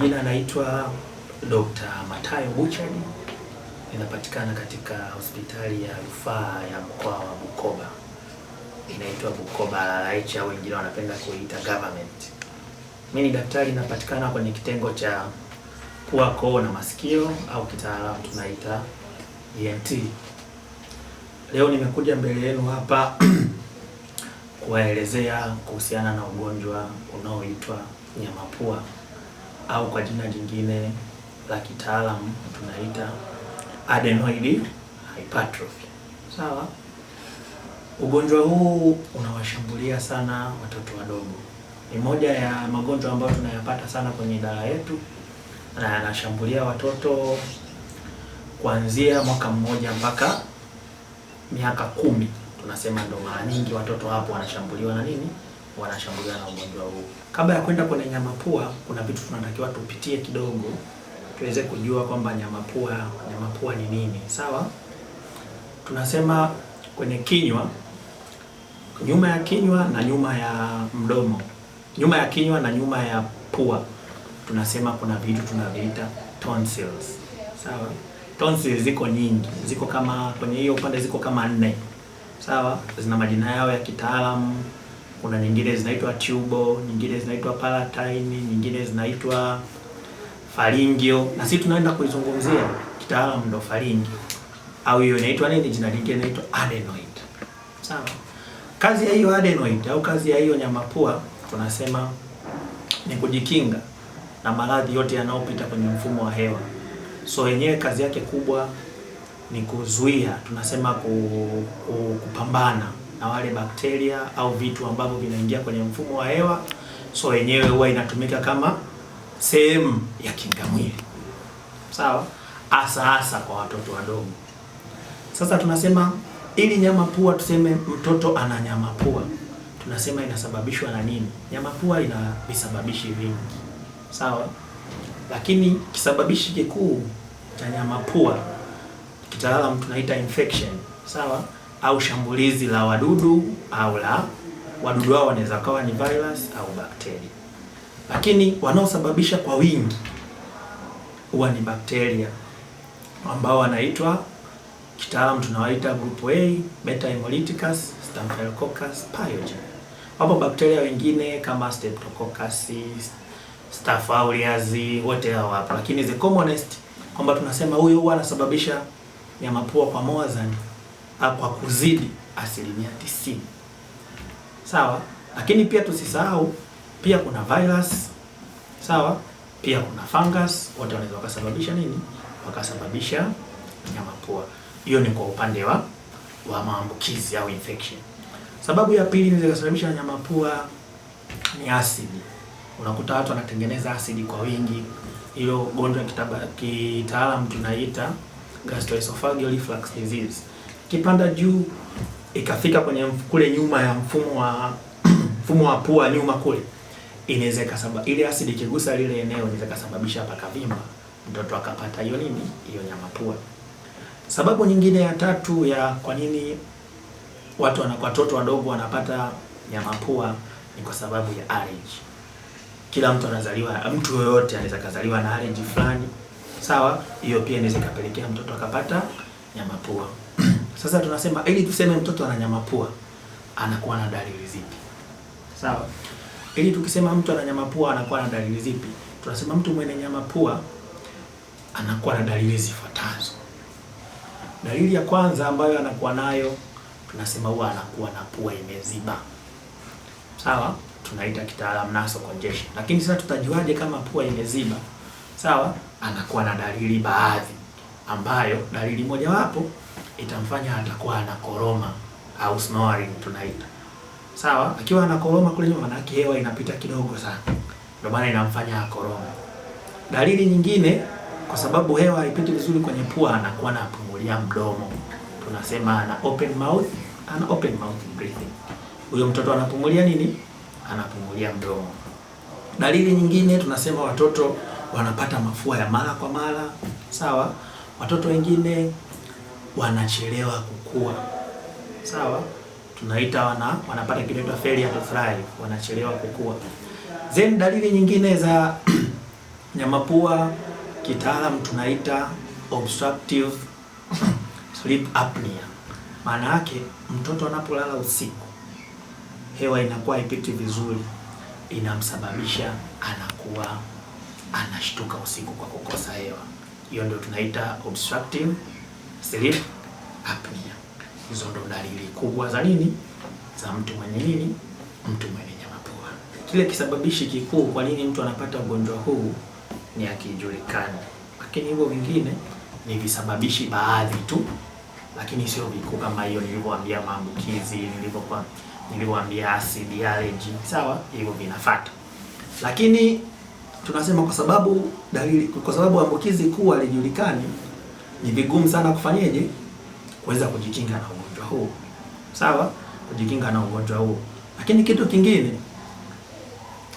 majina anaitwa Dr. Matayo Buchard, inapatikana katika hospitali ya rufaa ya mkoa wa Bukoba, inaitwa Bukoba Lalaichi au wengine wanapenda kuita government. Mimi ni daktari, inapatikana kwenye kitengo cha pua, koo na masikio au kitaalamu tunaita ENT. Leo nimekuja mbele yenu hapa kuwaelezea kuhusiana na ugonjwa unaoitwa nyamapua au kwa jina jingine la kitaalamu tunaita adenoid hypertrophy. Sawa? Ugonjwa huu unawashambulia sana watoto wadogo. Ni moja ya magonjwa ambayo tunayapata sana kwenye idara yetu na yanashambulia watoto kuanzia mwaka mmoja mpaka miaka kumi. Tunasema ndo mara nyingi watoto hapo wanashambuliwa na nini? wanashambuliwa na ugonjwa huu. Kabla ya kwenda kwenye nyamapua, kuna vitu tunatakiwa tupitie kidogo tuweze kujua kwamba nyama pua ni nini. Sawa, tunasema kwenye kinywa, nyuma ya kinywa na nyuma ya mdomo, nyuma ya kinywa na nyuma ya pua, tunasema kuna vitu tunaviita tonsils. Sawa, tonsils ziko nyingi, ziko kama kwenye hiyo upande, ziko kama nne. Sawa, zina majina yao ya kitaalamu kuna nyingine zinaitwa tubo, nyingine zinaitwa palatine, nyingine zinaitwa faringio, na sisi tunaenda kuizungumzia kitaalamu ndo faringio, au hiyo inaitwa nini, jina lingine inaitwa adenoid. Sawa, kazi ya hiyo adenoid au kazi ya hiyo nyamapua tunasema ni kujikinga na maradhi yote yanayopita kwenye mfumo wa hewa. So yenyewe kazi yake kubwa ni kuzuia, tunasema kupambana na wale bakteria au vitu ambavyo vinaingia kwenye mfumo wa hewa, so yenyewe huwa inatumika kama sehemu ya mwili, sawa, hasa hasa kwa watoto wadogo. Sasa tunasema ili nyama pua, tuseme mtoto ana nyama pua, tunasema inasababishwa na nini? Nyama pua ina visababishi vingi, sawa, lakini kisababishi kikuu cha nyama pua kitaalamu tunaita infection, sawa au shambulizi la wadudu au la wadudu hao wanaweza kawa ni virus au bakteria, lakini wanaosababisha kwa wingi huwa ni bakteria ambao wanaitwa kitaalamu tunawaita group A beta hemolyticus staphylococcus pyogenes. Wapo bakteria wengine kama streptococcus, staph aureus, wote hao wapo, lakini the commonest kwamba tunasema huyu huwa anasababisha ya mapua kwa moazani Ah, kwa kuzidi asilimia tisini. Sawa, lakini pia tusisahau pia kuna virus sawa, pia kuna fungus, wote wanaweza wakasababisha nini, wakasababisha nyama pua. Hiyo ni kwa upande wa wa maambukizi au infection. Sababu ya pili inaweza kusababisha nyama pua ni asidi. Unakuta watu wanatengeneza asidi kwa wingi, hilo gonjwa kitaalamu tunaiita gastroesophageal reflux disease kipanda juu ikafika kwenye kule nyuma ya mfumo wa mfumo wa pua nyuma kule, inaweza kasaba ile asidi ikigusa lile eneo inaweza kasababisha pakavimba, mtoto akapata hiyo nini, hiyo nyama pua. Sababu nyingine ya tatu ya kwa nini watu wana watoto wadogo wanapata nyama pua ni kwa sababu ya allergy. Kila mtu anazaliwa, mtu yoyote anaweza kazaliwa na allergy fulani, sawa. Hiyo pia inaweza ikapelekea mtoto akapata nyama pua. Sasa tunasema ili tuseme mtoto ana nyama pua anakuwa na dalili zipi? Sawa. Ili tukisema mtu ana nyama pua anakuwa na dalili zipi? Tunasema mtu mwenye nyama pua anakuwa na dalili zifuatazo. Dalili ya kwanza ambayo anakuwa nayo tunasema huwa anakuwa na pua imeziba. Sawa? Tunaita kitaalamu naso congestion. Lakini sasa tutajuaje kama pua imeziba? Sawa? Anakuwa na dalili baadhi ambayo dalili mojawapo itamfanya atakuwa ana koroma au snoring tunaita. Sawa, akiwa ana koroma kule nyuma, manake hewa inapita kidogo sana, ndio maana inamfanya akoroma. Dalili nyingine, kwa sababu hewa haipiti vizuri kwenye pua, anakuwa na pumulia mdomo, tunasema ana open mouth, ana open mouth breathing. Huyo mtoto anapumulia nini? Anapumulia mdomo. Dalili nyingine tunasema watoto wanapata mafua ya mara kwa mara. Sawa, watoto wengine wanachelewa kukua. Sawa, tunaita wana wanapata kinaitwa failure to thrive, wanachelewa kukua. Then dalili nyingine za nyamapua kitaalam tunaita obstructive sleep apnea. Maana yake mtoto anapolala usiku hewa inakuwa haipiti vizuri, inamsababisha anakuwa anashtuka usiku kwa kukosa hewa. Hiyo ndio tunaita obstructive sleep apnea. Hizo ndo dalili kubwa za nini, za mtu mwenye nini, mtu mwenye nyama pua. Kile kisababishi kikuu kwa nini mtu anapata ugonjwa huu ni akijulikana lakini hivyo vingine ni visababishi baadhi tu, lakini sio vikuu kama hiyo nilivyoambia, maambukizi nilivyokuwa nilivyoambia acid allergy, sawa, hivyo vinafuata, lakini tunasema kwa sababu dalili, kwa sababu ambukizi kuu alijulikani ni vigumu sana kufanyeje kuweza kujikinga na ugonjwa huu. Sawa, kujikinga na ugonjwa huu. Lakini kitu kingine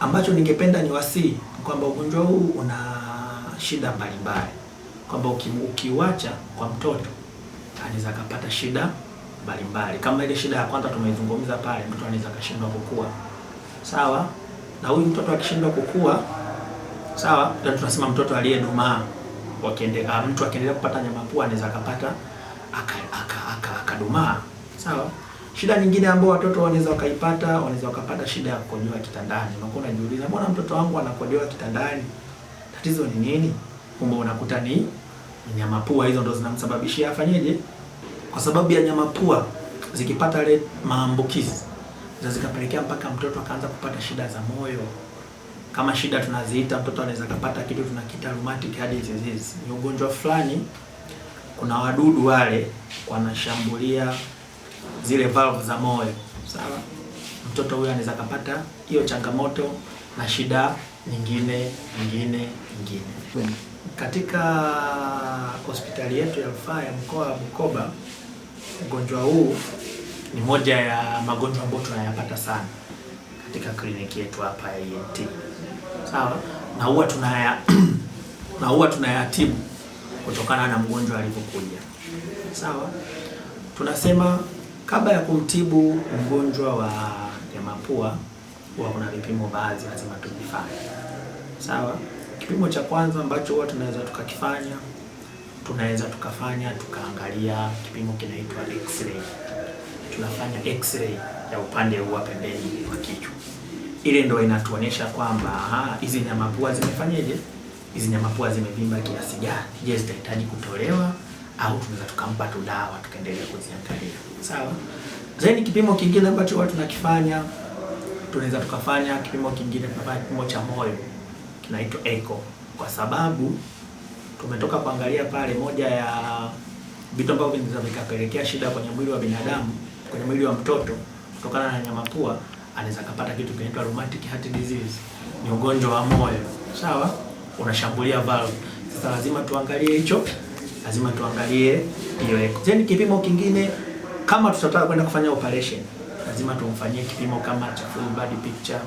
ambacho ningependa niwasii kwamba ugonjwa huu una shida mbalimbali, kwamba ukiwacha kwa mtoto anaweza akapata shida mbalimbali, kama ile shida ya kwanza tumeizungumza pale, mtoto anaweza akashindwa kukua. Sawa, na huyu mtoto akishindwa kukua, sawa, tunasema mtoto aliyedumaa wakiende ah, mtu akiendelea kupata nyama pua anaweza akapata akadumaa aka, aka, aka sawa. Shida nyingine ambayo watoto wanaweza wakaipata, wanaweza wakapata shida ya kukojoa kitandani. Unakuwa unajiuliza mbona mtoto wangu anakojoa kitandani, tatizo ni nini? Kumbe unakuta ni nyama pua hizo ndo zinamsababishia afanyeje, kwa sababu ya nyama pua zikipata ile maambukizi zikapelekea mpaka mtoto akaanza kupata shida za moyo kama shida tunaziita, mtoto anaweza kapata kitu tunakiita rheumatic heart disease. Ni ugonjwa fulani, kuna wadudu wale wanashambulia zile valve za moyo, sawa. Mtoto huyo anaweza kapata hiyo changamoto na shida nyingine nyingine nyingine. Katika hospitali yetu ya rufaa ya mkoa wa Bukoba, ugonjwa huu ni moja ya magonjwa ambayo tunayapata sana katika kliniki yetu hapa ya ENT sawa, na huwa tunaya na huwa tunayatibu kutokana na mgonjwa alivyokuja, sawa. Tunasema kabla ya kumtibu mgonjwa wa ya mapua huwa kuna vipimo baadhi lazima tuvifanye, sawa. Kipimo cha kwanza ambacho huwa tunaweza tukakifanya tunaweza tukafanya tukaangalia kipimo kinaitwa x-ray. Tunafanya x-ray ya upande huu pembeni wa kichwa ile ndo inatuonyesha kwamba hizi nyama pua zimefanyaje, hizi nyama pua zimevimba kiasi gani. Je, zitahitaji kutolewa au tunaweza tukampa tu dawa tukaendelea kuziangalia? Sawa. Zaini, kipimo kingine ambacho watu tunakifanya, tunaweza tukafanya kipimo kingine kama kipimo cha moyo kinaitwa echo, kwa sababu tumetoka kuangalia pale moja ya vitu ambavyo vinaweza vikapelekea shida kwenye mwili wa binadamu, kwenye mwili wa mtoto kutokana na nyama pua anaweza kupata kitu kinaitwa rheumatic heart disease, ni ugonjwa wa moyo sawa, unashambulia valve. Sasa lazima tuangalie hicho, lazima tuangalie hiyo echo. Then kipimo kingine, kama tutataka kwenda kufanya operation, lazima tumfanyie kipimo kama cha full body picture,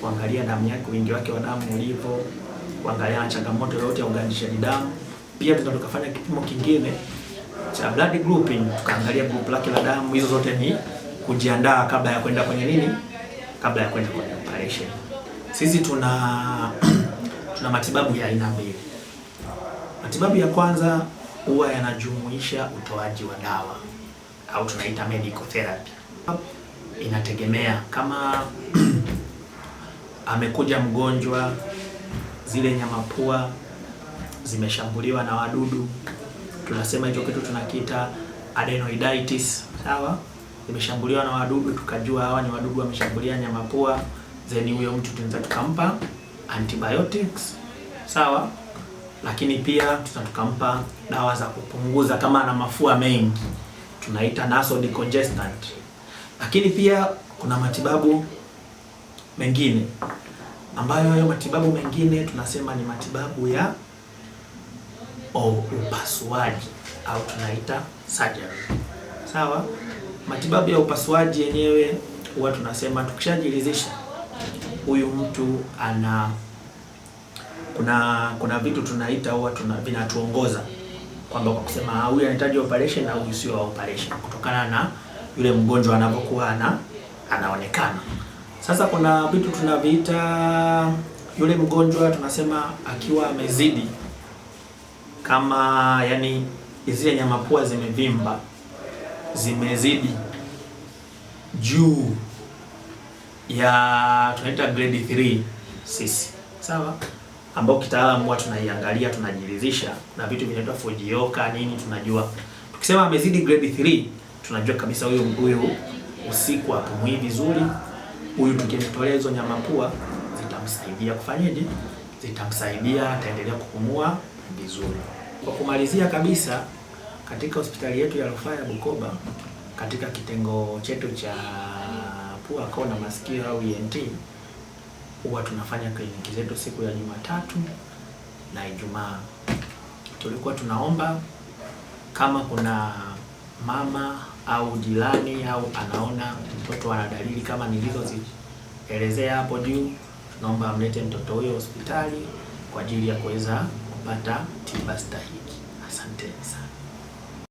kuangalia damu yake, wingi wake wa damu ulipo, kuangalia na changamoto yoyote ya uganishaji damu. Pia tunaweza tukafanya kipimo kingine cha blood grouping, tukaangalia group lake la damu. Hizo zote ni kujiandaa kabla ya kwenda kwenye nini kabla ya kwenda kwenye operation. Sisi tuna tuna matibabu ya aina mbili. Matibabu ya kwanza huwa yanajumuisha utoaji wa dawa au tunaita medical therapy. Inategemea kama amekuja mgonjwa, zile nyamapua zimeshambuliwa na wadudu, tunasema hicho kitu tunakiita adenoiditis, sawa? imeshambuliwa na wadudu, tukajua hawa ni wadudu wameshambulia nyama pua, then huyo mtu tunaweza tukampa antibiotics sawa, lakini pia tunaweza tukampa dawa za kupunguza kama ana mafua mengi, tunaita nasal decongestant. Lakini pia kuna matibabu mengine ambayo hayo matibabu mengine tunasema ni matibabu ya upasuaji au tunaita surgery sawa. Matibabu ya upasuaji yenyewe huwa tunasema tukishajiridhisha huyu mtu ana kuna kuna vitu tunaita huwa tuna, vinatuongoza kwamba kwa kusema ah, huyu anahitaji operation na huyu sio operation, kutokana na yule mgonjwa anapokuwa ana, anaonekana. Sasa kuna vitu tunaviita yule mgonjwa tunasema akiwa amezidi kama yani zile nyamapua zimevimba zimezidi juu ya tunaita grade 3 sisi, sawa, ambao kitaalamu huwa tunaiangalia tunajiridhisha na vitu vinaitwa fojioka nini, tunajua tukisema amezidi grade 3 tunajua kabisa huyo huyo usiku apumui vizuri, huyu tukimtolea hizo nyama pua zitamsaidia kufanyaje, zitamsaidia ataendelea kupumua vizuri. Kwa kumalizia kabisa katika hospitali yetu ya rufaa ya Bukoba katika kitengo chetu cha pua, koo na masikio au ENT, huwa tunafanya kliniki zetu siku ya Jumatatu na Ijumaa. Tulikuwa tunaomba kama kuna mama au jirani au anaona mtoto ana dalili kama nilizozielezea hapo juu, tunaomba amlete mtoto huyo hospitali kwa ajili ya kuweza kupata tiba stahiki. Asante sana.